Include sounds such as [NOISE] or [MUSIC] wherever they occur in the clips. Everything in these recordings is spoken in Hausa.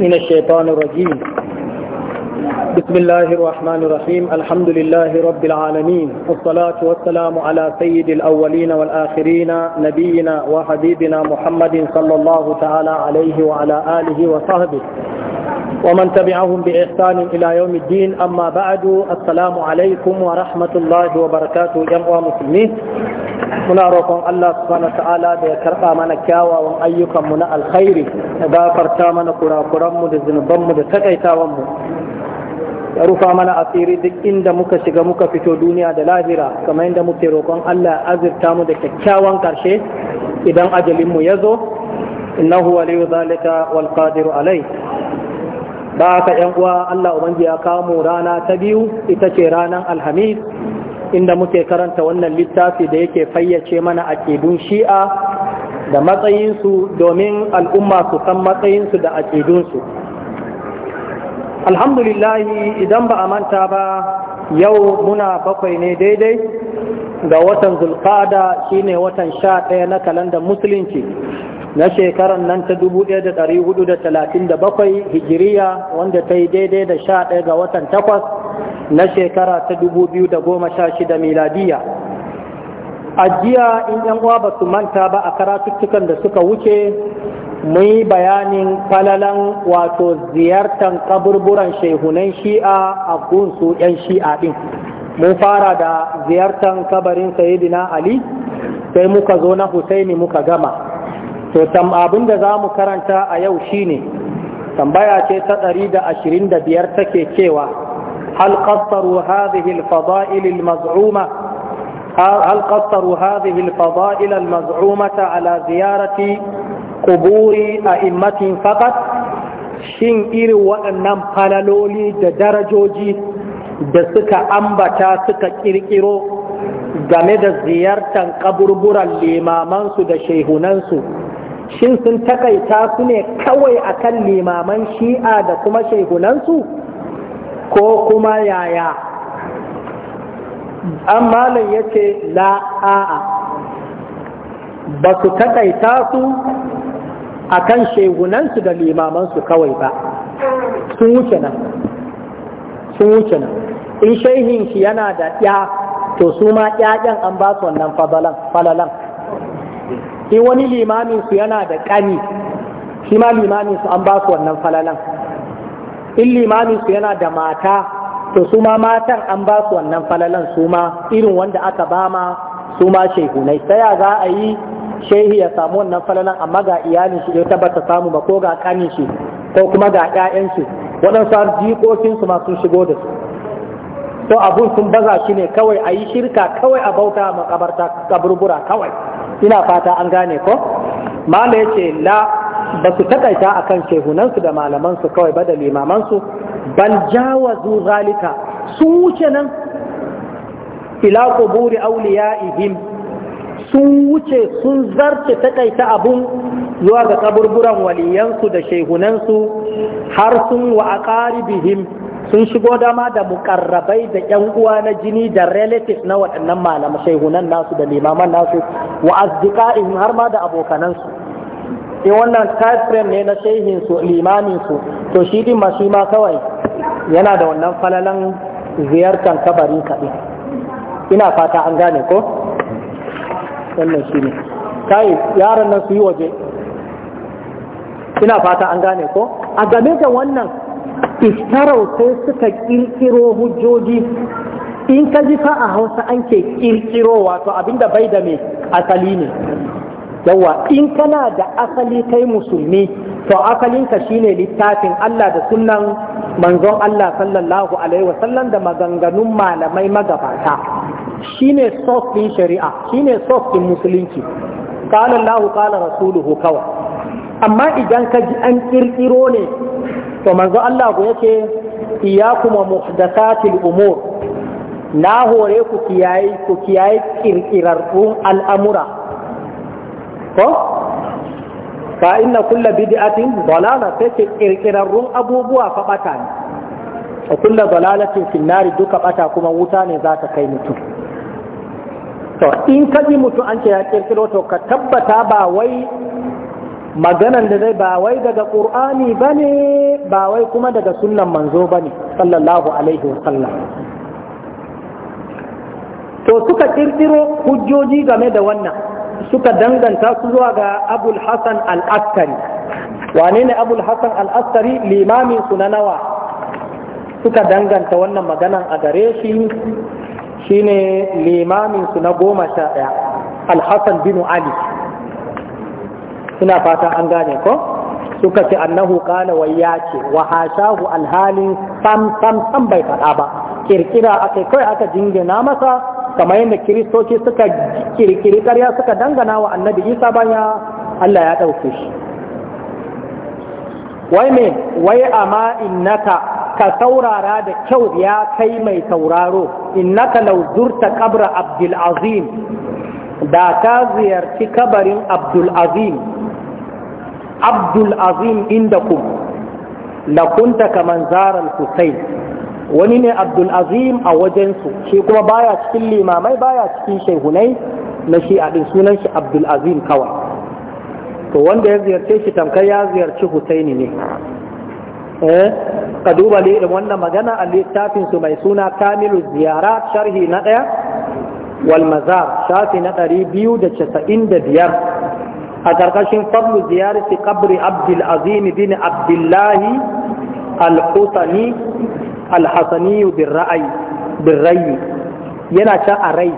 من الشيطان الرجيم بسم الله الرحمن الرحيم الحمد لله رب العالمين والصلاة والسلام على سيد الأولين والآخرين نبينا وحبيبنا محمد صلى الله تعالى عليه وعلى آله وصحبه ومن تبعهم بإحسان إلى يوم الدين أما بعد السلام عليكم ورحمة الله وبركاته جمع مسلمين muna roƙon Allah subhanahu ta'ala da ya karɓa mana kyawawan ayyukanmu na alkhairi da gafarta mana kurakuranmu da zunubanmu da takaitawanmu ya rufa mana asiri duk inda muka shiga muka fito duniya da lahira kamar inda muke roƙon Allah ya azirta mu da kyakkyawan ƙarshe idan ajalinmu ya zo innahu waliyu zalika wal qadiru alai ba ka yan uwa Allah ubangi ya kawo rana ta biyu ita ce ranar alhamis inda muke karanta wannan littafi da yake fayyace mana a aƙidun shi'a da matsayinsu domin al'umma su san matsayinsu da su alhamdulillahi idan ba a manta ba yau muna bakwai ne daidai ga watan shi shine watan sha ɗaya na kalandar musulunci na shekarar nan ta 1437 hijiriya wanda ta yi daidai da sha ɗaya ga watan takwas na shekara ta da goma sha shida miladiya A jiya in yan uwa ba su manta ba a karatuttukan da suka wuce yi bayanin falalan wato ziyartar kaburburan shehunan shi'a a gunsu 'yan shi'a din mun fara da ziyartar kabarin sayidina ali sai muka zo na husaini muka gama to abin da za mu karanta a yau shine tambaya ce ta ɗari da da ashirin 125 take cewa هل قصروا هذه الفضائل المزعومة هل قصروا هذه الفضائل المزعومة على زيارة قبور أئمة فقط shin irin waɗannan falaloli da darajoji da suka ambata suka ƙirƙiro game da ziyartar ƙaburburan limamansu da shehunansu shin sun takaita su ne kawai akan limaman shi'a da kuma shehunansu ko kuma yaya an malam ya ce la'a'a ba su taƙaita su a kan shegunansu da limamansu kawai ba sun wuce nan sun wuce nan in shehin shi yana da ɗya to su ma ɗyaɗen an ba su wannan falalan in wani limaminsu yana da ƙani shi ma limaminsu an ba su wannan falalan in limamin su yana da mata to su ma matan an ba su wannan falalan su ma irin wanda aka ba ma su ma shehunai Na ya za a yi shehi ya samu wannan falalan amma ga iyalin shi ita ba samu ba ko ga kanin shi ko kuma ga ƴaƴan shi waɗansu har jikokin su ma sun shigo da su to abun sun baza shi ne kawai a yi shirka kawai a bauta makabarta kaburbura kawai ina fata an gane ko mala yace la Da su takaita a kan shehunansu da malamansu kawai ba da limamansu bal jawa zuzalika. sun wuce nan ila auliya ihim sun wuce sun zarce takaita abun zuwa ga kaburburan waliyansu da shehunansu har sun wa aqaribihim sun shigo dama da mukarrabai da yan uwa na jini da relatives na waɗannan malaman shehunan nasu da limaman nasu wa asdiqaihim har ma da abokanansu in wannan time ne na shehin su limamin su to shi din ma shi ma kawai yana da wannan falalan ziyartar kabarin din. ina fata an gane ko wannan shi ne kai yaran nan su yi waje ina fata an gane ko a game da wannan istarau sai suka kirkiro hujjoji in ka ji fa a hausa an ke kirkiro wato abinda bai da mai asali ne yawa in kana da asali kai musulmi to asalinka shine littafin Allah da sunan, manzon Allah sallallahu alaihi wasallam da maganganun malamai magabata shine source din shari'a shine source din musulunci qala Allah qala rasuluhu kawa amma idan ka ji an kirkiro ne to manzon Allah ko yace iyyakum wa muhdathatil umur na hore ku kiyaye ku kiyaye kirkirarrun al'amura ko fa inna kulla bid'atin dalala sai ce kirkirarrun abubuwa fa bata ne A kulla dalalatin fil nari duka bata kuma wuta ne za ta kai mutum to in ka ji mutum an ce ya kirkiro to ka tabbata ba wai maganan da zai ba wai daga qur'ani bane ba wai kuma daga sunnan manzo bane sallallahu alaihi wa sallam to suka kirkiro hujjoji game da wannan suka danganta su zuwa ga abul hassan al-askari wane ne abul hassan al-askari limamin su na nawa suka danganta wannan maganan a gare shi shine limamin su na goma sha ɗaya al hassan bin ali Suna fata an gane ko suka ce annahu qala wai ya ce wa hashahu alhali sam sam sam bai faɗa ba kirkira akai kai aka jingina masa kamar yadda kiristoci suka kirkiri ƙarya suka dangana wa annabi isa baya Allah ya ɗauke shi wai me wai amma innaka ka saurara da kyau ya kai mai sauraro innaka lauzurta kabra abdul azim da ka ziyarci kabarin abdul azim abdul azim inda kum lakunta kunta kaman zaral husayn wani ne abdul azim a wajensu shi kuma baya cikin limamai baya cikin shaihunai na shi a sunan shi abdul azim kawai to wanda ya ziyarce shi tamkar ya ziyarci husaini ne eh ka duba da wannan magana a littafin su mai suna kamilu ziyara sharhi na ɗaya wal mazar shafi na ɗari biyu da casa'in da biyar a ƙarƙashin fadlu ziyarci kabri abdul azim bin abdullahi al-husani alhassaniyu birrayi yana can a rai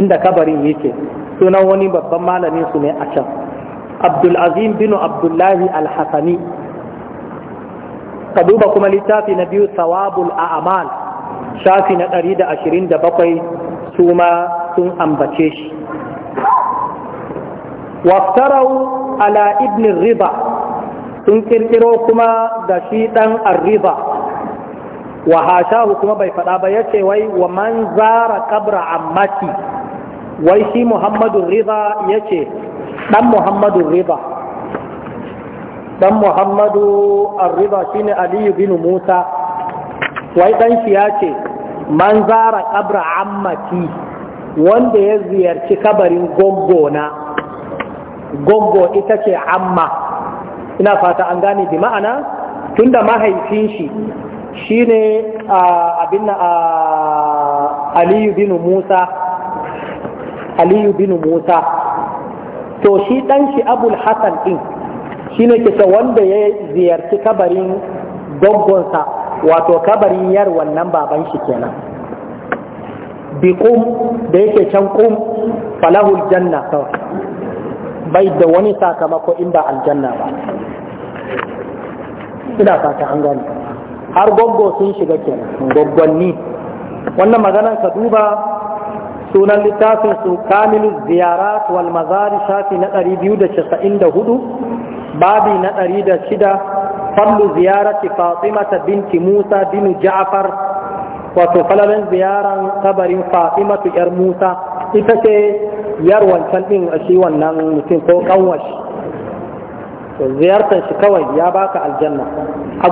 inda kabarin yake sunan wani babban malamin su ne a can abdulazim bin abdullahi alhassani ka duba kuma littafi na biyu sawabul a'amal shafi na 127 su ma sun ambace shi waftarau ala ibn riba sun kirkiro kuma da shi dan arriba wa hashahu kuma bai faɗa ba yace wai wa man zara kabra ammati wai shi muhammadu riba yace ɗan muhammadu riba ɗan muhammadu arriba shine aliyu bin musa wai dan shi yace man zara kabra ammati wanda ya ziyarci kabarin gongona gongo ita ce amma ina fata an gane bi ma'ana tunda mahaifin shi ne abin aliyu bin musa aliyu bin musa to shi ɗan shi abul ɗin shi shine kisa wanda ya ziyarci kabarin dogonsa wato kabarin yar wannan baban shi kenan kum da yake can kum falahul janna bai da wani sakamako in ba aljanna ba ina fata an gani har goggo sun shiga kenan goggonni wannan maganar ka duba sunan littafin su kamilu ziyara wal mazari shafi na 294 babi na 106 fallu ziyarati fatimata binti musa bin ja'far wato falalin ziyaran kabarin fatimatu yar musa ita ce yar wancan din shi wannan mutum ko kanwashi ziyartar shi kawai ya baka aljanna a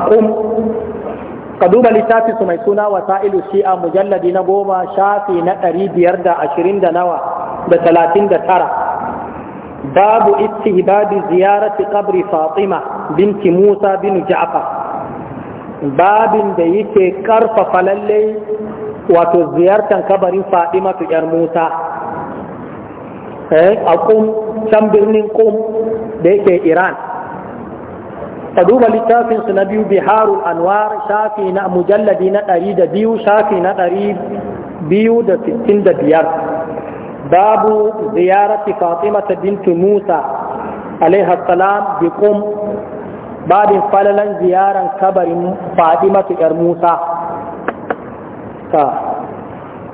ka duba littafi su mai suna wasa'ilu shi'a mujalladi na goma shafi na ɗari biyar da ashirin da nawa da talatin da tara babu istihbabi ziyarati qabri fatima binti musa bin ja'far babin da yake karfafa lallai wato ziyartar kabarin fatima tu yar musa eh, a kum can birnin kum da yake iran ka duba littafin su na biyu biharul anwar shafi na mujalladi na ɗari da biyu shafi na ɗari biyu da sittin da biyar babu ziyarati fatimata bintu musa alaiha salam babin falalan ziyaran kabarin fatimatu yar musa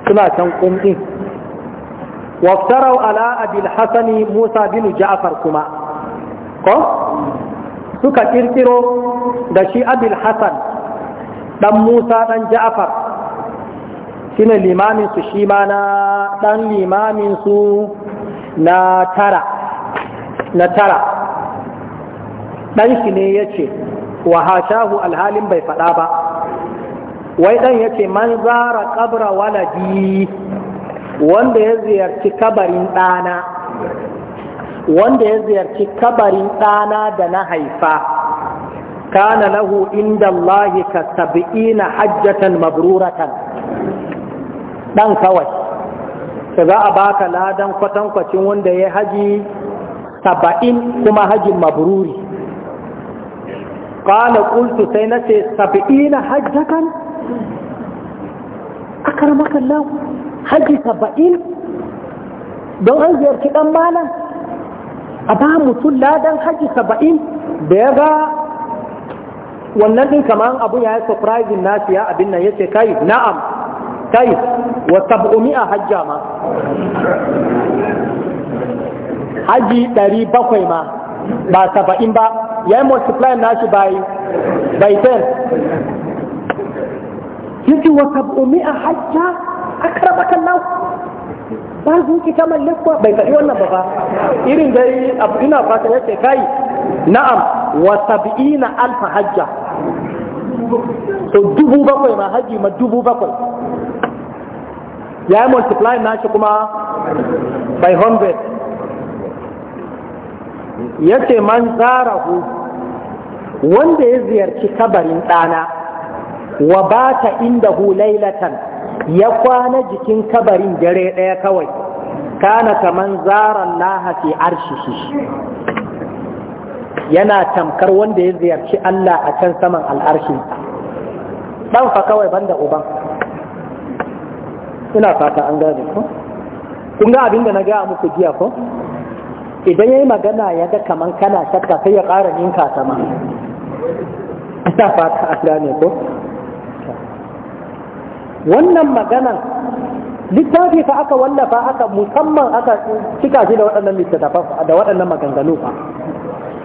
suna can kum waftarau ala abil musa binu ja'far kuma ko suka kirkiro da shi abil hassan dan musa dan ja'far shine limamin su shi ma na dan limaminsu na tara na tara dan shi ne yace wa hashahu alhalin bai fada ba wai dan yace man zara qabra waladi wanda ya ziyarci kabarin ɗana? wanda ya ziyarci kabarin ɗana da na haifa kana lahu inda Allah ka sabi'ina hajjatan mabruratan ɗan kawai ta za a baka ladan kwatankwacin wanda ya haji saba'in kuma hajin mabruri Kana kultu sai na ce sabi'ina hajjatan A akar makallahu haji saba'in don an ziyarci ɗan malam a ba mutum ladan haji saba'in da ya ga wannan ɗin kamar abu ya yi surprising nasu ya abin nan ya ce kai na'am kai wa sab'umi a hajja ma haji ɗari bakwai ma ba saba'in ba ya yi multiply nashi bai bai ten yake wa sab'umi a hajja akrabakan nasu ba zuci ta ba bai faɗi wannan ba ba irin dai abu ina fata ya ce kai na'am wa sab'ina alfa hajja to dubu bakwai ma haji ma dubu bakwai ya yi multiply na shi kuma by 100 ya ce man zarahu wanda ya ziyarci kabarin ɗana wa bata inda lailatan ya kwana jikin kabarin dare ɗaya kawai kana kaman zaran laha fi shi, yana tamkar wanda ya ziyarci Allah a can saman al'arshinsa ɗan fa kawai banda uban ina fata an gane ko kun ga abinda na gaya muku jiya ko idan ya yi magana ya ga kaman kana shakka sai ya ƙara ninka sama ina fata an gane ko wannan magana littafi fa aka wallafa aka musamman aka cika shi da waɗannan littattafan da waɗannan maganganu fa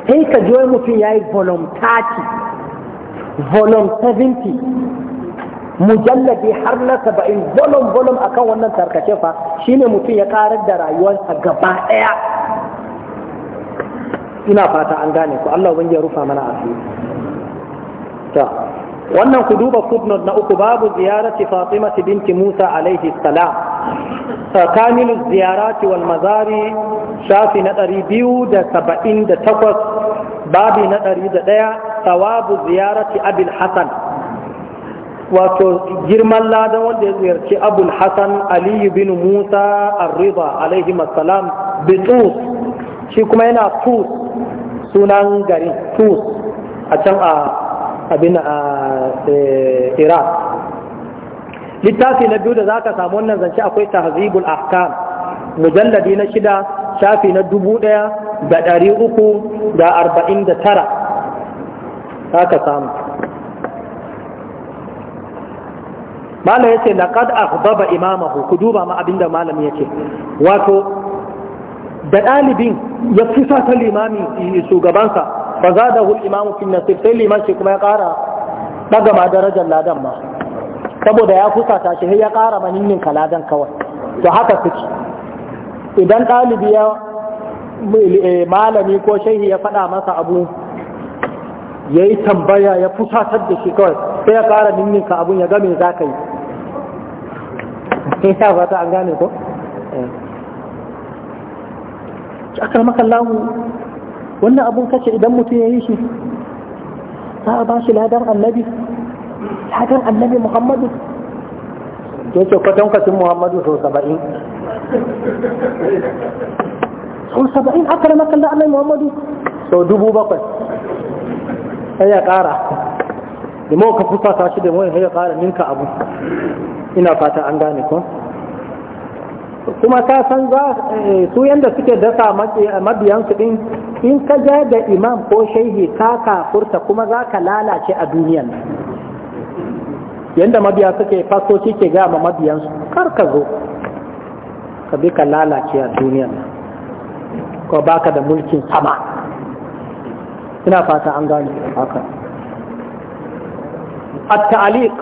sai ka ji mutum ya yi volume 30 volume 70 mujalladi har na saba'in volume volume akan wannan tarkace fa ne mutum ya karar da rayuwarsa gaba ɗaya ina fata an gane ku Allah ubangiji ya rufa mana asiri ta wannan ku duba footnote na uku babu ziyarati fatima binti musa alaihi salam kamilu ziyarati wal mazari shafi na ɗari biyu da saba'in da takwas babi na ɗari da ɗaya sawabu ziyarati abil hasan wato girman ladan wanda ya ziyarci abul hasan aliyu bin musa arriba alaihi masalam bitus shi kuma yana tus sunan garin tus a can a abin a e, iraq littafi na biyu da za ka samu wannan zance akwai tahzibul ahkam mujalladi na shida shafi na dubu ɗaya da ɗari uku da arba'in da tara za ka samu malam yace laqad aghdaba imamahu ku duba ma abinda malam yace wato da dalibin ya fusata limamin shugabansa fa zadahu al-imamu fi nasir sai liman shi kuma ya ƙara daga ma darajar ladan ma saboda ya fusata shi ya ƙara maninnin Ladan kawai to haka suke idan ɗalibi ya malami ko shehi ya faɗa masa abu ya yi tambaya ya kusa ta da shi kawai sai ya ƙara ninninka abun ya ga me za ka yi ya fata an gane ko? akar makallahu wannan abun kace idan mutum ya yi shi za a ba shi ladan annabi ladan annabi muhammadu ya ce kwatankwacin muhammadu sau saba'in sau saba'in aka rama kallon annabi muhammadu sau dubu bakwai sai ya ƙara da mawa ka fusata shi da mawa ya ƙara ninka abu ina fata an gane ko kuma ka san za eh, su yanda suke dasa mabiyansu din in ka ja da imam ko shaihi ka furta, kuma za ka lalace a duniyan yanda mabiya suke fasoci ke gama su, kar ka zo ka bi ka lalace a duniyan ko baka da mulkin sama ina fata an gane haka at ta'aliq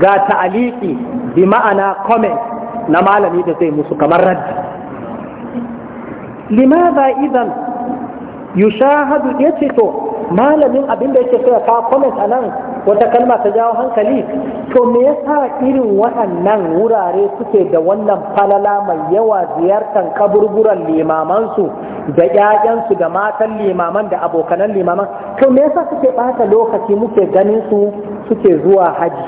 ga ta'aliqi bi ma'ana comment na malami da zai musu kamar raddi limaza idan yushahadu ya ce to malamin abin da yake so ya kawo comment a nan wata kalma ta jawo hankali to me yasa irin waɗannan wurare suke da wannan falala mai yawa ziyartar kaburburan limamansu da ƴaƴansu da matan limaman da abokanan limaman to me yasa suke ɓata lokaci muke ganin su suke zuwa haji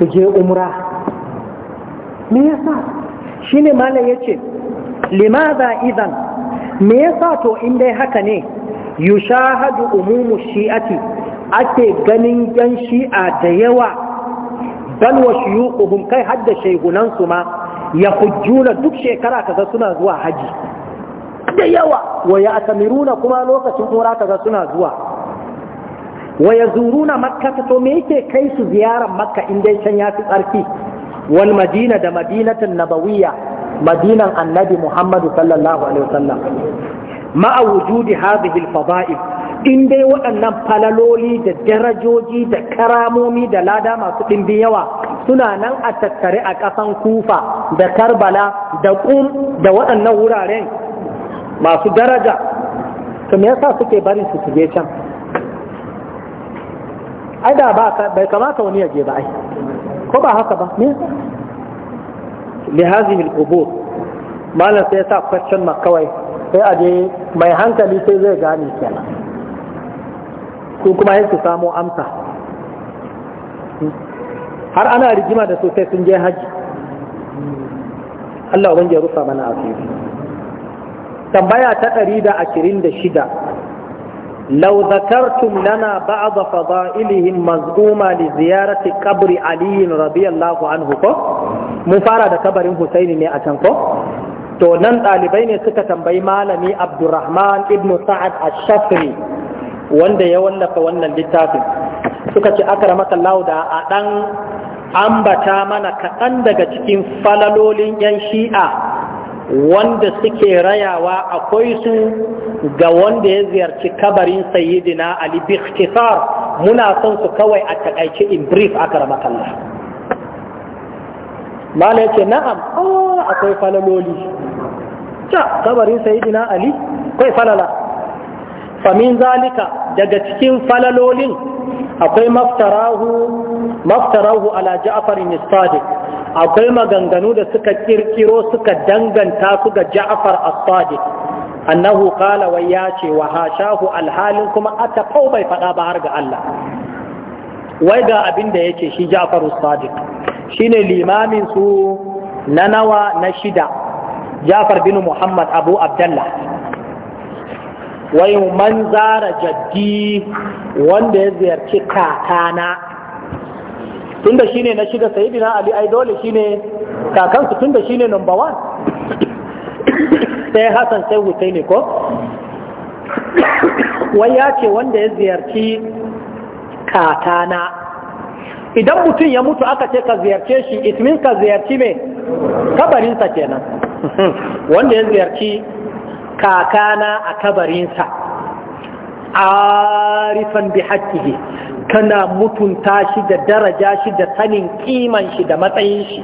su je umra me yasa shine malam yace limaza idan me yasa to in dai haka ne yushahadu umumu shi'ati ake ganin yan shi'a da yawa bal wa shuyuquhum kai hadda shaygunan su ma ya duk shekara kaga suna zuwa haji da yawa wa ya runa kuma lokacin tsora kaga suna zuwa wa ya zuruna makka to me yake kai su ziyarar makka in dai can ya fi tsarki wal madina da madinatan nabawiyya madinan annabi muhammadu sallallahu alaihi wasallam ma'a wujudi hadhihi al in dai waɗannan falaloli da darajoji da karamomi da lada masu ɗimbin yawa suna nan a tattare a ƙasan kufa da karbala da ƙum da waɗannan wuraren masu daraja to me yasa suke barin su tuje can ai da ba bai kamata wani ya ba ai ko ba haka ba me yasa li hadhihi al-qubur malam sai sa question ma kawai sai a je mai hankali sai zai gane kenan ko kuma yake samu amsa har ana rigima da sosai sun je haji Allah ubangiji ya rufa mana asiri tambaya ta 126 لو ذكرتم لنا بعض فضائلهم مزعومة لزيارة قبر علي رضي fara da kabarin مفارة قبر حسين ني أتنكو to nan ɗalibai ne suka tambayi malami abdurrahman ibnu sa'ad ash-shafri wanda ya wallafa wannan littafin suka ci akramaka Allah da a ɗan ambata mana kaɗan daga cikin falalolin yan shi'a wanda suke rayawa akwai su ga wanda ya ziyarci kabarin sayyidina ali bi ikhtisar muna son su kawai a takaice in brief aka kalla. mala yace na'am oh akwai falaloli ta kabarin sayyidina ali akwai falala famin zalika daga cikin falalolin akwai maftarahu maftarahu ala ja'far ibn sadiq akwai maganganu da suka kirkiro suka danganta su ga Ja'far as-Sadiq annahu qala wa ya ce wa hashahu alhalin kuma aka kau bai faɗa ba har ga Allah wai ga abin da yake shi Ja'far as-Sadiq shine limamin su na nawa na shida Ja'far bin Muhammad Abu Abdullah wai man zara jaddi wanda ya ziyarci kakana tunda shine na shiga sayyidina ali ai dole shine kakansu tunda shine number 1 sai hasan sai husaini ko wai ya ce wanda ya ziyarci katana idan mutum ya mutu aka ce ka ziyarce shi itmin ka ziyarci mai kabarinsa kenan [LAUGHS] wanda ya ziyarci kakana a kabarinsa rifan bi haƙƙihi kana mutunta shi da daraja shi da sanin kiman shi da matsayin shi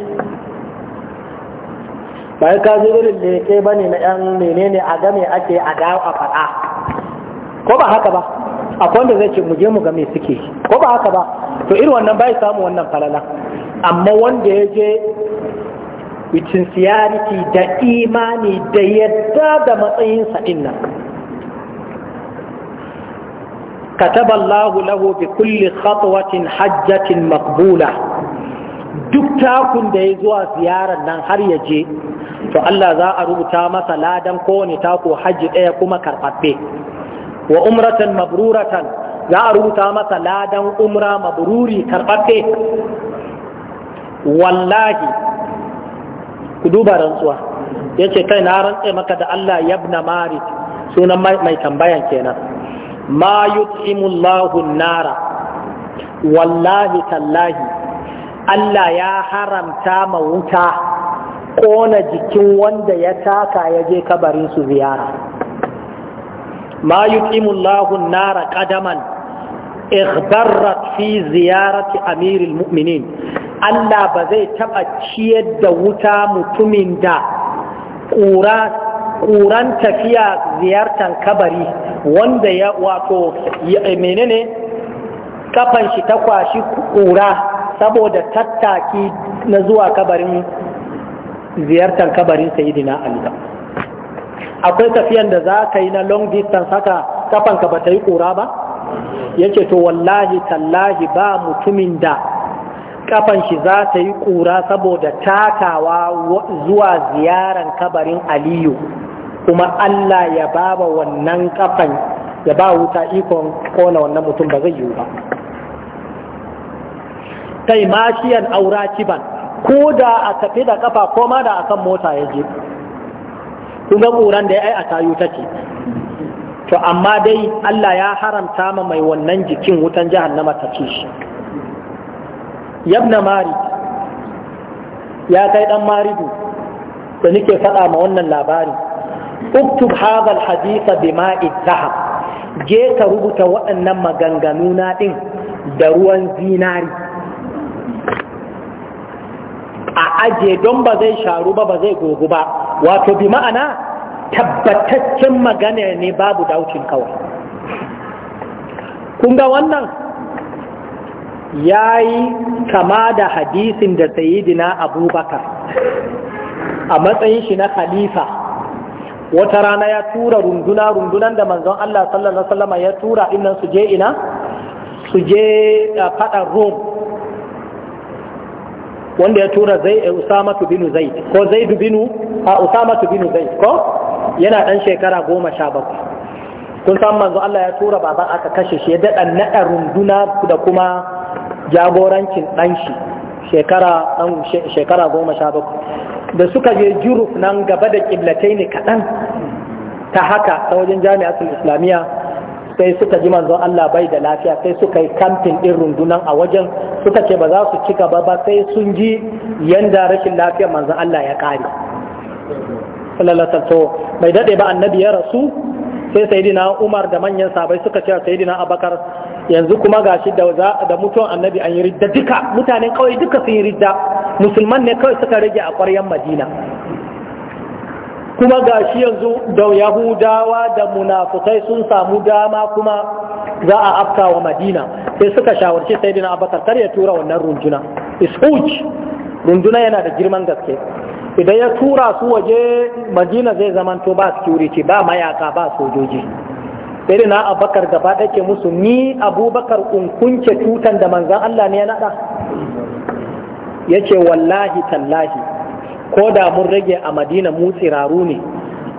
bayan ka zo irin leke ba ne na yan menene a game ake a dawo a faɗa ko ba haka ba akwai wanda zai ce mu je mu game suke ko ba haka ba to irin wannan bai samu wannan falala amma wanda ya je with sincerity da imani da yadda da matsayinsa din nan كتب الله له بكل خطوة حجة مقبولة duk takun da ya zuwa ziyarar nan har ya je to Allah za a rubuta masa ladan kowane tako hajji ɗaya kuma karɓaɓɓe wa umratan mabruratan za a rubuta masa ladan umra mabruri karɓaɓɓe wallahi ku duba rantsuwa ya ce kai na rantse maka da Allah yabna mari sunan mai tambayan kenan ma yut'imullahu nara wallahi tallahi Allah ya haramta ma wuta ƙona jikin wanda ya taka ya je kabarin su ziyara ma yut'imullahu nara qadaman ighbarrat fi ziyarati amiril mu'minin Allah ba zai taɓa ciyar da wuta mutumin da ƙura ƙuran tafiya ziyartar kabari wanda ya wato eh, menene kafan shi ta kwashi ƙura saboda tattaki na zuwa kabarin ziyartar kabarin sayidina ali akwai tafiyan da za ka yi na long distance haka ka ba ta yi ƙura ba yake to wallahi tallahi ba mutumin da kafan shi za ta yi ƙura saboda takawa zuwa ziyaran kabarin aliyu kuma Allah ya ba wa wannan kafan ya ba wuta ikon kona wannan mutum ba zai yiwu ba kai mashiyan aura kiban ko da a tafi da kafa ko ma da akan mota ya je Ku ga ƙuran da ya yi a tayu ce. to amma dai Allah ya haramta ma mai wannan jikin wutan jahannama ta ce shi yabna mari ya kai ɗan maridu da nike faɗa ma wannan labari uktub hadha hadisa bima'i dhahab je ka rubuta waɗannan maganganu na da ruwan zinari a ajiye don ba zai sharu ba ba zai gogu ba wato bi ma'ana tabbataccen magana ne babu daucin kawai kun ga wannan ya yi kama da hadisin da sayidina abubakar a matsayin shi na khalifa wata rana ya tura runduna rundunan da manzon Allah sallallahu alaihi wasallam ya tura innan su je ina su je fadar Rome wanda ya tura zai eh, Usama bin Zaid ko Zaid bin a Usama bin Zaid ko yana dan shekara goma sha bakwai kun san manzo Allah ya tura baban aka kashe shi ya dada naɗa runduna da kuma jagorancin dan shi shekara goma sha bakwai da suka je juruf nan gaba da kiblatai ne kaɗan ta haka ta wajen jami'atul islamiyya sai suka ji manzon Allah bai da lafiya sai suka yi kamfin ɗin rundunan a wajen suka ce ba za su ci gaba ba sai sun ji yanda rashin lafiyar manzon Allah ya ƙare sallallahu bai daɗe ba annabi ya rasu sai sayidina Umar da manyan sabai suka ce sayidina Abakar yanzu kuma gashi da da mutuwan annabi an yi ridda duka mutanen kawai duka sun yi ridda musulman ne kawai suka rage a ƙwaryen madina kuma gashi yanzu da yahudawa da munafukai sun samu dama kuma za a afka wa madina sai suka shawarci sai dina abakar kar ya tura wannan runduna ishuj runduna yana da girman gaske idan ya tura su waje madina zai zamanto ba security ba mayaka ba sojoji sai da na abakar gaba ɗake musu ni abubakar kunke tutan da manzan Allah ne ya naɗa ya ce wallahi tallahi ko da mun rage a madina mu tsiraru ne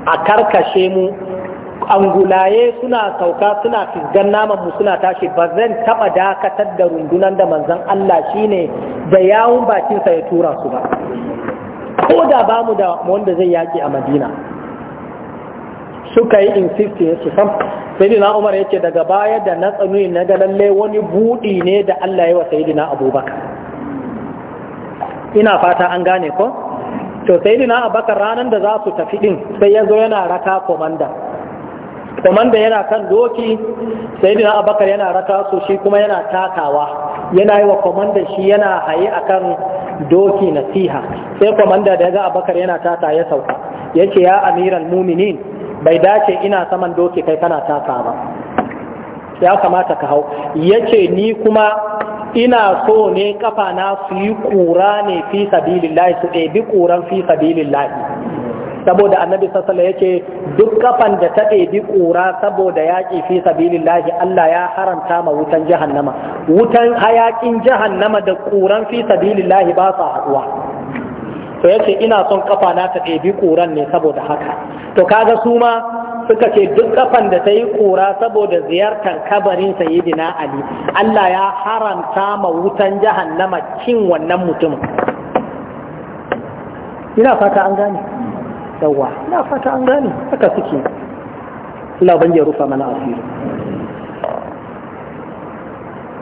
a karkashe mu angulaye suna sauka suna fisgan naman mu suna tashi ba zan taɓa dakatar da rundunan da manzan Allah shine da yawun bakinsa ya tura su ba ko da ba mu da wanda zai yaƙi a madina suka yi insist ya sam sayyidina umar yace daga baya da na tsanuni na ga lalle wani buɗi ne da Allah ya wa Saidina abubakar ina fata an gane ko to Saidina abubakar ranan da za su tafi ɗin sai ya zo yana raka komanda komanda yana kan doki Saidina abubakar yana raka su shi kuma yana takawa yana yi wa komanda shi yana haye akan doki nasiha sai komanda da ya ga abubakar yana tata ya sauka yace ya amiral muminin bai dace ina saman doki kai kana taka ba ya kamata ka hau yace ni kuma ina so ne kafa na su yi kura ne fi sabilin lahi su ɗebi kuran fi sabilin lahi. saboda annabi sassala ya ce duk kafan da ta ɗebi kura saboda yaƙi fi sabilin lahi Allah ya haramta ma wutan jihannama wutan hayaƙin jahannama da kuran fi lahi ba sa haɗuwa to yace ina son kafa na ta ɗebi ƙuran ne saboda haka to kaga su ma suka ce duk kafan da ta yi ƙura saboda ziyartar kabarin sayidina ali Allah ya haramta ma wutan jahannama cin wannan mutumin ina fata an gane yawa ina fata an gane haka suke Allah ban ya rufa mana asiri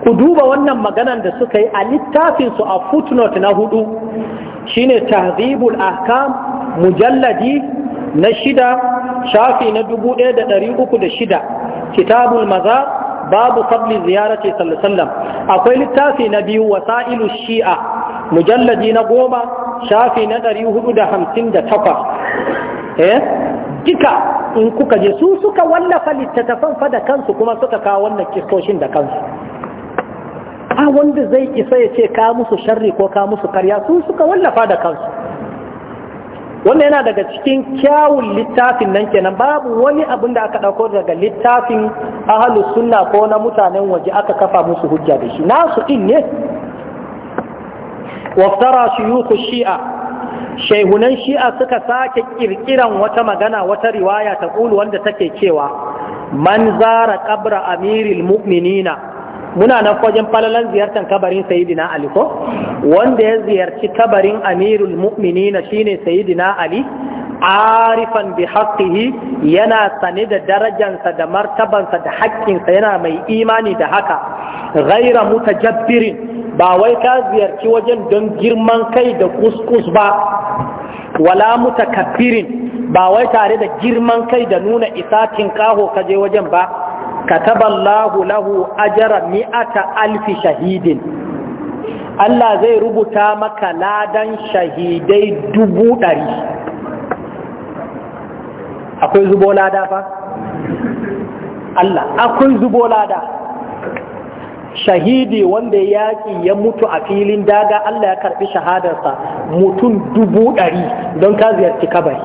ku duba wannan maganan da suka yi a littafinsu a footnote na hudu shine tahzibul ahkam mujalladi na shida shafi na dubu ɗaya da ɗari uku da shida kitabul maza babu fadli ziyarati sallallahu alaihi wasallam akwai littafi na biyu wasailu shi'a mujalladi na goma shafi na ɗari hudu da hamsin da takwas eh duka in kuka je su suka wallafa littattafan fa da kansu kuma suka kawo wannan kistoshin da kansu ba wanda zai isa ya ce ka musu sharri ko ka musu karya sun suka wallafa da kansu wannan yana daga cikin kyawun littafin nan kenan babu wani abin da aka ɗauko daga littafin ahalu sunna ko na mutanen waje aka kafa musu hujja da shi nasu in ne waftara shuyukhu shi'a shehunan shi'a suka sake kirkiran wata magana wata riwaya ta kulu wanda take cewa man zara kabra amiril mu'minina muna nan wajen falalan ziyartar kabarin sayidina ali ko wanda ya ziyarci kabarin amirul mu'minina shine sayidina ali arifan bi haqqihi yana sane da darajansa da martabansa da haƙƙinsa yana mai imani da haka ghaira mutajabbirin ba wai ka ziyarci wajen don girman kai da kuskus ba wala mutakabbirin ba wai tare da girman kai da nuna isatin kaho kaje wajen ba kataballahu lahu ajara mi'ata alfi shahidin Allah zai rubuta maka ladan shahidai dubu ɗari akwai zubo lada fa? Allah akwai zubo lada shahidi wanda ya yaƙi ya mutu a filin daga Allah ya karɓi shahadarsa mutum dubu ɗari don ka ziyarci kabari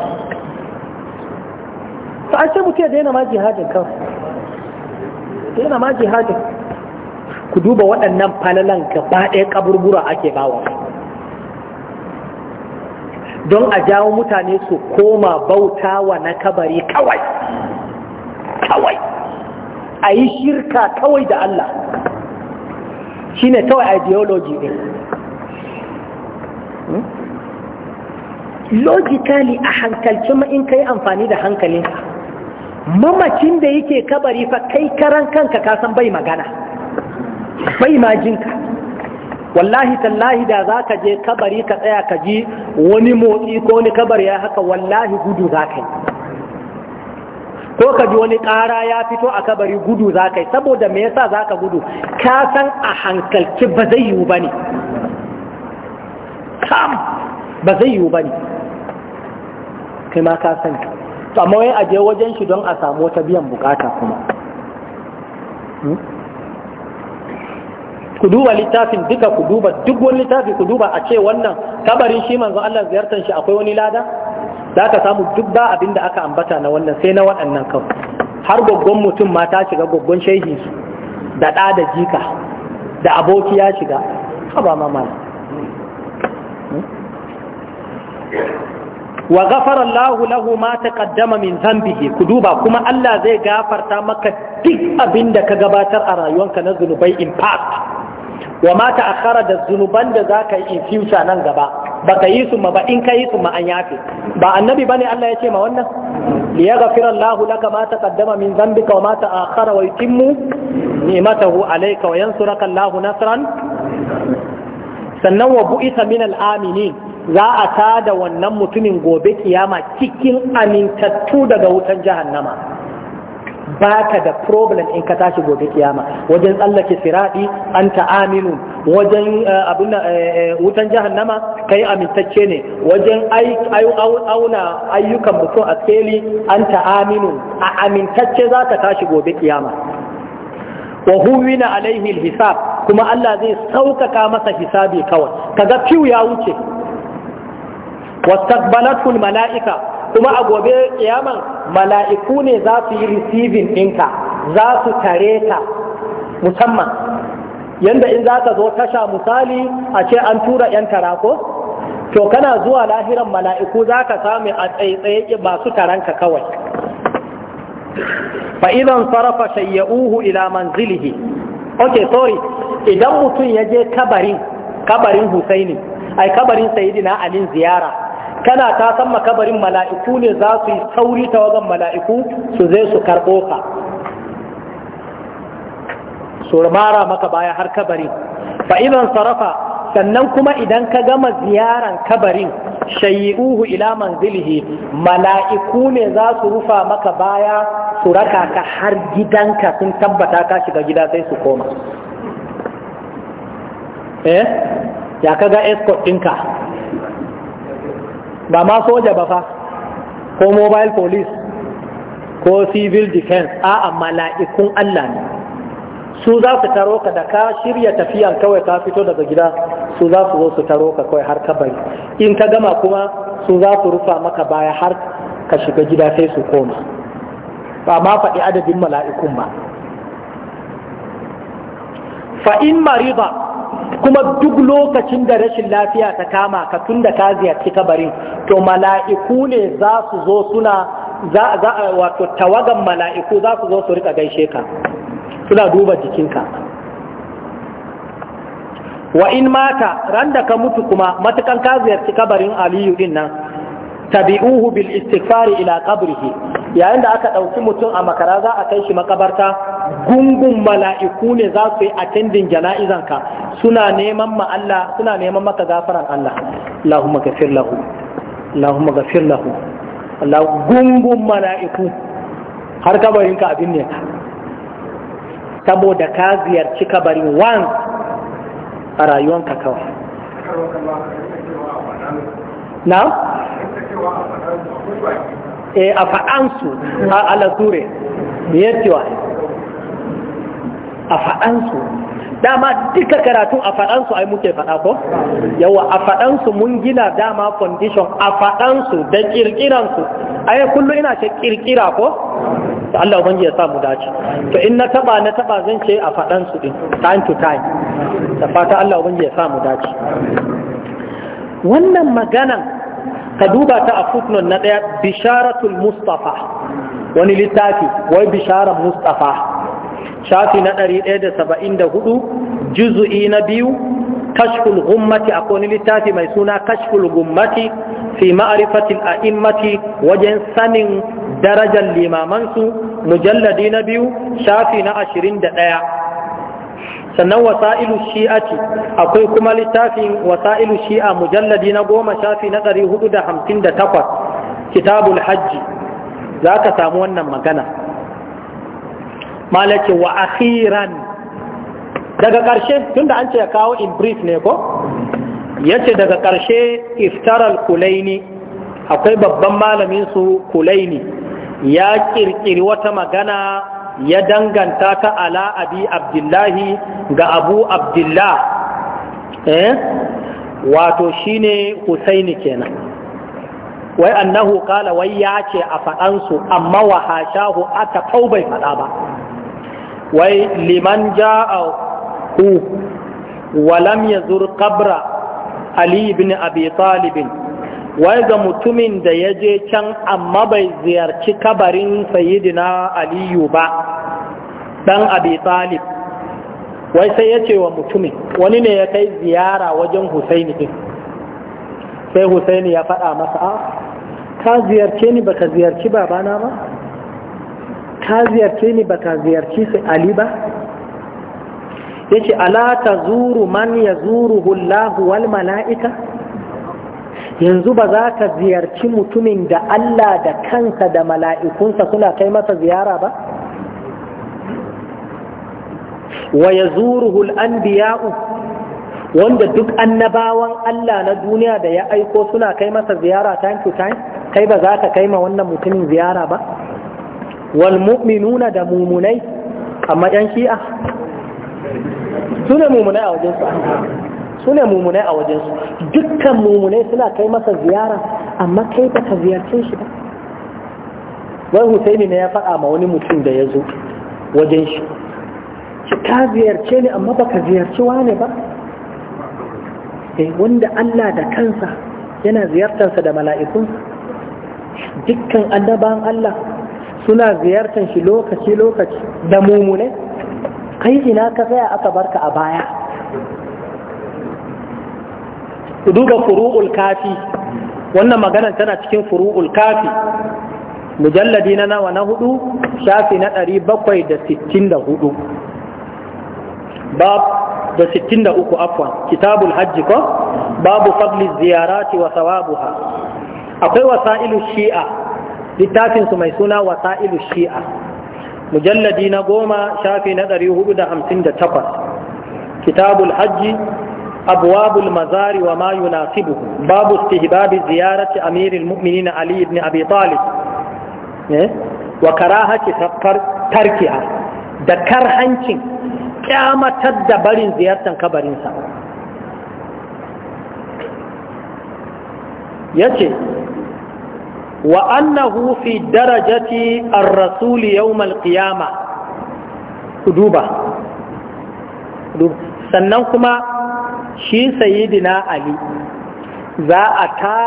ta ashe mutu ya daina ma jihadin kawai to yana ma jihadin ku duba waɗannan falalan gaba ɗaya kaburbura ake bawa don a jawo mutane su koma bauta wa na kabari kawai kawai a yi shirka kawai da Allah shine kawai ideology ne hmm? logically a hankalci ma in ka yi amfani da hankalinka mamacin da yake kabari fa kai karan kanka ka san bai magana bai ma ka. wallahi tallahi da za ka je kabari ka tsaya ka ji wani motsi ko wani kabari ya haka wallahi gudu za ka yi ko ka ji wani ƙara ya fito a kabari gudu za ka yi saboda me yasa za ka gudu ka san a hankalci ba zai yiwu ba ne kam ba zai yiwu ba ne kai ma ka san amma wai a wajen shi don a samu ta biyan bukata kuma hmm? ku duba littafin duka ku duba duk wani littafi ku duba a ce wannan kabarin shi manzo Allah ziyartar shi akwai wani lada za ka samu duk ba abin da aka ambata na wannan sai na waɗannan kawai har gwaggon mutum ma ta shiga gwaggon shehi da ɗa da jika da aboki ya shiga haba malam. wa ghafara Allahu lahu ma taqaddama min dhanbihi ku duba kuma Allah zai gafarta maka duk abin da ka gabatar a rayuwanka na zunubai in past wa ma ta'akhkhara da zunuban da zaka yi in future nan gaba baka yi su ma ba in kai su ma an yafe ba annabi bane Allah ya ce ma wannan li yaghfira Allahu laka ma taqaddama min dhanbika wa ma ta'akhkhara wa yutimmu ni'matahu alayka wa yansuraka Allahu nasran sannan wa bu'itha min al-aminin za a ta da wannan mutumin gobe kiyama cikin amintattu daga wutan jahannama ba ka da problem in ka tashi gobe kiyama wajen tsallake siraɗi an ta'aminu wajen eh, eh, eh, wutan jahannama kai amintacce ne wajen auna ayyukan mutum a tseli an ta'aminu a amintacce za ka tashi gobe kiyama wa huwina alaihi hisab kuma Allah zai sauƙaƙa masa hisabi kawai kaga fiw ya wuce wastaqbalathu mala'ika kuma a gobe kiyaman mala'iku ne za su yi receiving ɗinka za su tare ka musamman yanda in za ka zo tasha misali a ce an tura 'yan tarako to kana zuwa lahiran mala'iku za ka sami a tsaitsaye masu taranka kawai fa idan sarrafa shayya'uhu ila manzilihi ok sorry idan mutum ya je kabarin kabarin husaini ai kabarin a alin ziyara kana ta san makabarin mala'iku ne za su yi sauri ta wajen mala'iku su zai su karɓo ka su mara maka baya har kabarin idan sarrafa sannan kuma idan ka gama ziyaran kabarin shayi'uhu ila manzilihi mala'iku ne za su rufa maka baya su raka ka har gidanka sun tabbata ka shiga gida sai su koma eh ya kaga escort ɗinka ba ma soja ba fa ko mobile police ko civil defense a mala'ikun Allah ne su za su taro ka da ka shirya tafiyan kawai ka fito daga gida su za su zo su taro ka kawai har ka bari in ka gama kuma su za su rufa maka baya har ka shiga gida sai su koma ba ma faɗi adadin mala'ikun ba fa in mariba kuma duk lokacin da rashin lafiya ta kama ka tun da ka ziyarci kabarin to mala'iku ne za su zo suna za a wato tawagan mala'iku za su zo su rika gaishe ka suna duba jikinka wa in mata ran da ka mutu kuma matukan ka ziyarci kabarin aliyu din nan tabi'uhu bil istighfari ila qabrihi yayin da aka ɗauki mutum a makara za a kai shi makabarta gungun mala'iku ne za su yi attendin jana'izanka suna neman ma Allah suna neman maka gafaran Allah Allahumma gafir lahu Allahumma gafir lahu Allah gungun mala'iku har kabarin ka abin ne saboda ka ziyarci kabarin wan a rayuwanka kawai na? E, a faɗansu a alasure ya cewa a faɗansu dama duka karatu a faɗansu ai muke faɗa ko yawa a faɗansu mun gina dama condition a faɗansu da ƙirƙiransu ai kullum ina ce ƙirƙira ko to Allah ubangi ya samu dace to in na taba na taba zan ce a faɗansu din time to time da fata Allah ubangi ya samu dace wannan maganan ka duba ta a footnote na ɗaya bisharatul mustafa wani littafi wai bisharar mustafa shafi na 174 juzu'i na biyu kashful gummati a wani littafi mai suna kashful gummati fi ma'arifatil a'immati wajen sanin darajar limamansu mujalladi na biyu shafi na 21 sannan wasa'ilu ce akwai kuma littafin wasa'ilu shi'a mujalladi na goma shafi na ɗari hudu da hamsin da takwas kitabul hajji za ka samu wannan magana malaki wa akhiran daga ƙarshe tun da an ce ya kawo in brief ne ko ya ce daga ƙarshe iftaral kulaini akwai babban malaminsu su kulaini ya ƙirƙiri wata magana ya danganta ta ala abi abdullahi ga abu abdullah eh wato shine husaini kenan wai annahu kala wai ya ce a faɗansu amma wa hashahu aka kau bai faɗa ba wai liman ja'a hu walam yazur qabra ali ibn abi talibin wai ga mutumin da ya je can amma bai ziyarci kabarin sayidina aliyu ba dan abi talib wai sai ya ce wa mutumin wani ne ya kai ziyara wajen husaini din sai husaini ya faɗa masa a ah, ka ziyarce ni baka ziyarci babana ba ka ziyarce ni baka ziyarci sai ali ba ce ala zuru man yazuruhu Allah wal mala'ika yanzu ba za ka ziyarci mutumin da Allah da kansa da mala'ikunsa suna kai masa ziyara ba wa ya zuruhul anbiya'u wanda duk annabawan Allah na duniya da ya aiko suna kai masa ziyara time to time kai ba za ka kai ma wannan mutumin ziyara ba wal mu'minuna da mumunai amma yan shi'a su ne mumunai a wajen su su ne mummunai a wajensu dukkan mummunai suna kai masa ziyara amma kai ba ka ziyarce shi ba wai husaini ne ya faɗa ma wani mutum da ya zo wajen shi shi ka ziyarce ni amma ba ka ziyarci wane ba eh, wanda Allah da kansa yana ziyartarsa da mala'ikun, dukkan annabawan Allah suna ziyartar shi lokaci-lokaci da mummunai kai ina ka tsaya aka barka a baya ku duba furu'ul kafi wannan maganar tana cikin furu'ul kafi mujalladi na nawa na hudu shafi na ɗari bakwai da sittin da hudu bab da sittin da uku afwan kitabul hajji ko babu fadli ziyarati wa sawabuha akwai wasa'ilu shi'a littafinsu mai suna wasa'ilu shi'a mujalladi na goma shafi na ɗari hudu da hamsin da takwas kitabul hajji أبواب المزار وما يناسبه باب استهباب زيارة أمير المؤمنين علي بن أبي طالب وكراهة تركها دكر هنشن كما تدبرين زيارة كبرين سا يتي وأنه في درجة الرسول يوم القيامة دوبا sannan kuma shi sayidina ali za a ta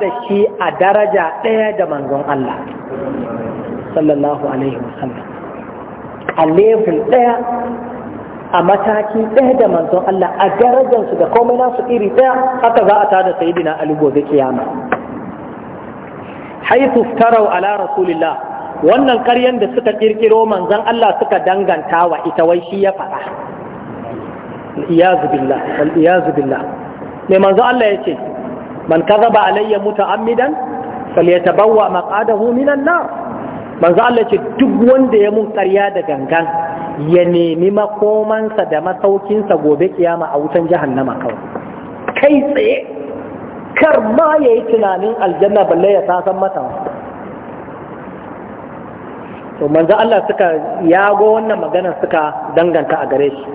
da shi a daraja ɗaya da manzon Allah sallallahu alaihi wasallam a level ɗaya a mataki ɗaya da manzon Allah a darajansu da komai nasu iri ɗaya haka za a ta da sayidina ali gobe kiyama haitu tarau ala rasulillah wannan karyan da suka kirkiro manzon Allah suka danganta wa ita wai shi ya faɗa al'iyazu billah al'iyazu billah mai manzo Allah ya ce man kazaba alayya muta'ammidan falyatabawwa maƙada huminan na manzo Allah ya ce duk wanda ya mun ƙarya da gangan ya nemi makomansa da masaukinsa gobe kiyama a wutan jahannama kawai kai tsaye kar ma ya yi tunanin aljanna balle ya sasan mata manzo Allah suka yago wannan magana suka danganta a gare shi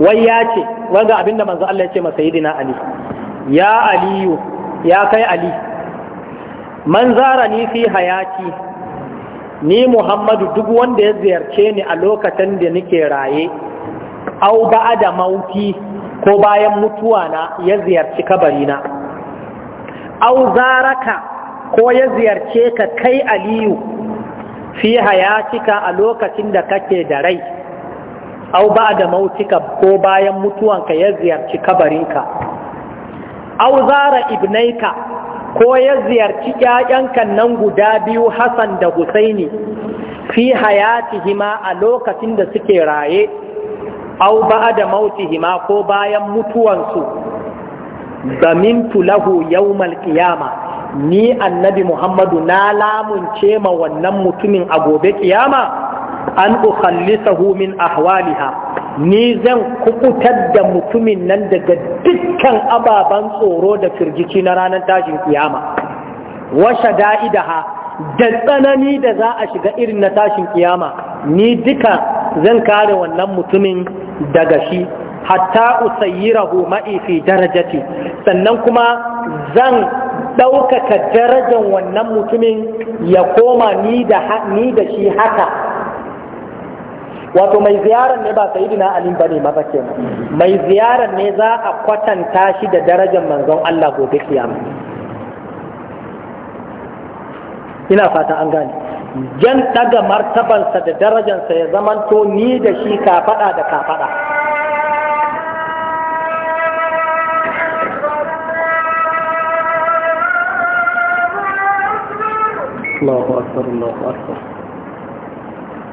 wai ya ce wanda abinda manzo Allah ya ce masa yidina Ali ya aliyu ya kai Ali man zara ni fi hayati ni Muhammadu duk wanda ya ziyarce ni a lokacin da nake raye au da mauti ko bayan mutuwa na ya ziyarci kabari kabarina au zaraka ko ya ziyarce ka kai aliyu fi hayatika a lokacin da kake da rai au ba da mautika ko bayan mutuwanka ya ziyarci kabarinka au zara ibnaika ko ya ziyarci 'ya'yanka nan guda biyu Hassan da Husaini fi hayatihima a lokacin da suke raye au ba da mautihima ko bayan mutuwansu zamintu tulahu yau malƙiyama. ni annabi Muhammadu na lamunce ma wannan mutumin a gobe ƙiyama an ukhallisahu min ahwaliha ni zan kukutar da mutumin nan daga dukkan ababen tsoro da firgici na ranar tashin kiyama Washe da'idaha da tsanani da za a shiga irin na tashin kiyama ni duka zan kare wannan mutumin daga shi hatta usayyirahu ma'i fi darajati sannan kuma zan ɗaukaka darajan wannan mutumin ya koma ni da shi haka wato mai ziyarar ne ba sayidina ali ba maza kenan mai ziyarar ne za a kwatanta shi da darajar manzon Allah gobe kiyama ina fata an gane jan daga martabansa da darajansa ya zamanto ni da shi kafada da kafada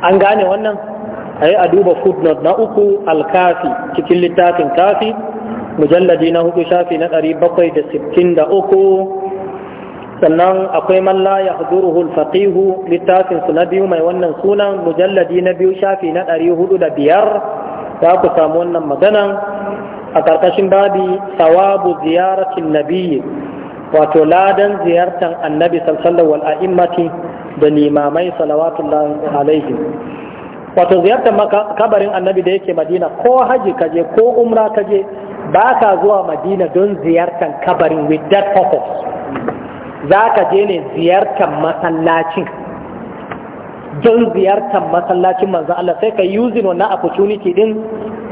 an gane wannan yi a duba footnote na uku alkafi cikin littafin kafi mujalladi na hudu shafi na ɗari bakwai da sittin da uku sannan akwai man la ya huduruhu faqihu littafin na biyu mai wannan sunan mujalladi na biyu shafi na ɗari hudu da biyar za ku samu wannan maganan a ƙarƙashin babi sawabu ziyaratin nabiyyi wato ladan ziyartar annabi sallallahu alaihi wa da limamai salawatullahi alaihi wato ziyartar kabarin annabi da yake madina ko haji kaje ko umra kaje ba ka zuwa madina don ziyartar kabarin with that purpose za ka je ne ziyartar masallacin don ziyartar masallacin manzo Allah sai ka using wannan opportunity din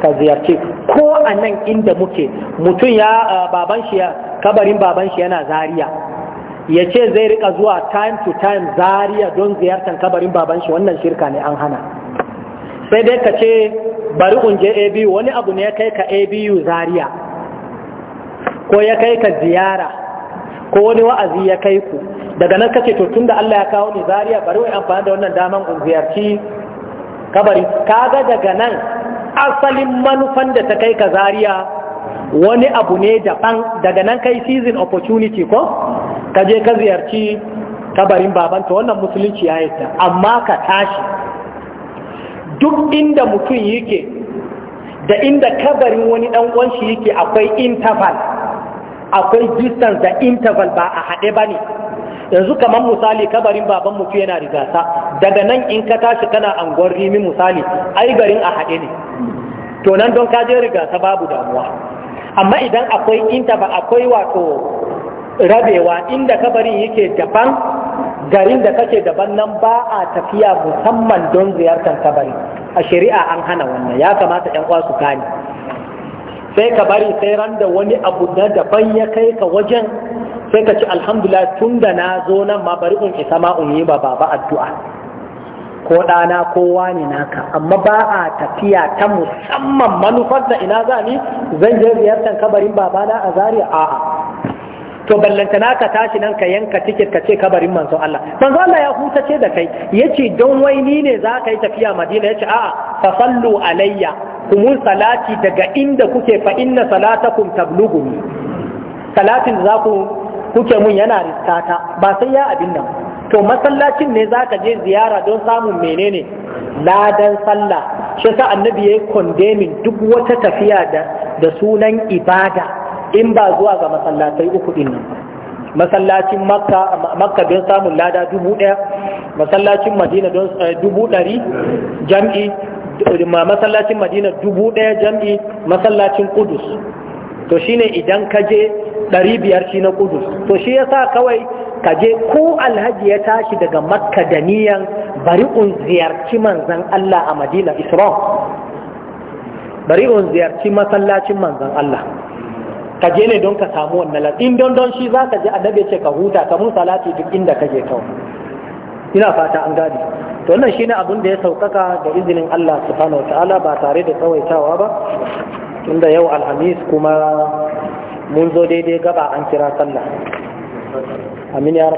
ka ziyarci ko a nan inda muke mutum ya baban shi kabarin baban shi yana Zariya. ya ce zai rika zuwa time to time Zariya don ziyartar kabarin baban shi wannan shirka ne an hana sai dai ka ce bari unje abu wani abu ne ya kai ka abu Zariya ko ya kai ka ziyara ko wani wa'azi ya kai ku daga nan kace to tunda Allah ya kawo ni Zariya bari wai amfani da wannan daman unziyarci? ziyarci kabari kaga daga nan asalin manufan da ta kai ka Zariya wani abu ne daban daga nan kai season opportunity ko ka je ka ziyarci kabarin babanta wannan musulunci ya yi ta amma ka tashi duk inda mutum yake da inda kabarin wani dan uwanshi yake akwai interval akwai distance da interval ba a haɗe ba ne yanzu kamar misali kabarin baban mutum yana rigasa daga nan in ka tashi kana anguwar rimi misali ai garin a haɗe ne to nan don kaje rigasa babu damuwa amma idan akwai interval akwai wato rabewa inda kabarin yake daban garin da kake daban nan ba a tafiya musamman don ziyartar kabari a shari'a an hana wannan ya kamata yan uwa su gane sai ka bari sai ran da wani abu na daban ya kai ka wajen sai ka ci alhamdulillah tun da na zo nan ma bari in isa ma in yi ba baba addu'a ko ɗana ko wani naka amma ba a tafiya ta musamman manufar da ina za ni zan je ziyartar kabarin babana a zaria a'a to ballanta na ka tashi nan ka yanka tiket ka ce kabarin manzo Allah manzo Allah ya hutace da kai yace don wai ni ne za ka yi tafiya Madina yace a'a fa sallu alayya kumul salati daga inda kuke fa inna salatakum tablughuni salatin da za ku kuke mun yana riskata ba sai ya abin nan to masallacin ne za ka je ziyara don samun menene ladan sallah shi sa annabi ya yi duk wata tafiya da sunan ibada in ba zuwa ga masallatai uku din nan masallacin makka don samun lada dubu ɗaya masallacin madina don eh, dubu ɗari jam'i masallacin madina dubu daya jam'i masallacin kudus to shine idan ka je ɗari biyar shi na kudus to shi yasa kawai ka je ko alhaji ya tashi daga makka da niyan bari un ziyarci manzan Allah a madina isra bari un ziyarci masallacin manzan Allah ka je ne don ka samu wannan lafiya in don don shi za ka je annabi ce ka huta ka mun salati duk inda ka je kawo. ina fata an gadi to wannan shine abin da ya saukaka da izinin Allah subhanahu ba tare da tsawaitawa ba tunda yau alhamis kuma mun zo daidai gaba an kira sallah amin ya